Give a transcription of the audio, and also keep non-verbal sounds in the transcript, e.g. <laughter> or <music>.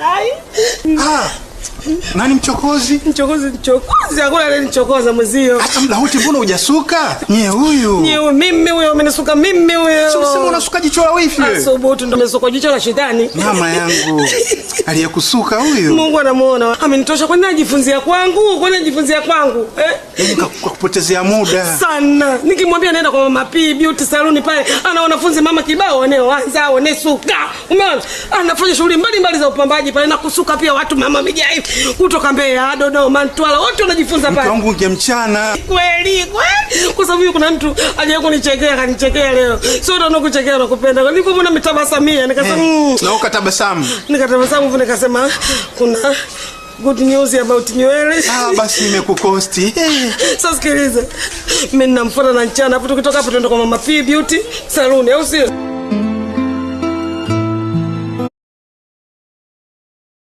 Ah, nani mchokozi? Mchokozi, mchokozi, hakuna mchokoza mwezio. Hata muda huti mbona hujasuka? Nye huyu. Nye huyu mimi huyo amenisuka mimi huyo. Sio unasuka jicho la wifi. Asubuhi ah, ndo umesuka jicho la shetani. Mama yangu. <laughs> Aliyekusuka huyu. Mungu anamuona. Amenitosha kwani najifunzia kwangu? Kwani najifunzia kwangu? Eh? Kwa kupotezea muda. Sana. Nikimwambia naenda kwa Mama P Beauty Salon pale, ana wanafunzi mama kibao wanao wanaoanza suka. Umeona? Anafanya shughuli mbalimbali za upambaji pale na kusuka pia watu mama mija hivi kutoka Mbeya, Dodoma, Mantwala wote wanajifunza pale. Kwangu nje mchana. Kweli kweli. Kwa sababu kuna mtu aliyeko kunichekea kanichekea leo. Sio ndo kuchekea nakupenda. Nilipomwona mtabasamia nikasema, hey, eh. mm. "Na ukatabasamu." Nikatabasamu yangu nikasema kuna good news about nywele. Ah, basi nimekukosti. Eh, sasa sikiliza. Mimi ninamfuata na nchana hapo tukitoka hapo tuende kwa Mama P Beauty Saloon au sio?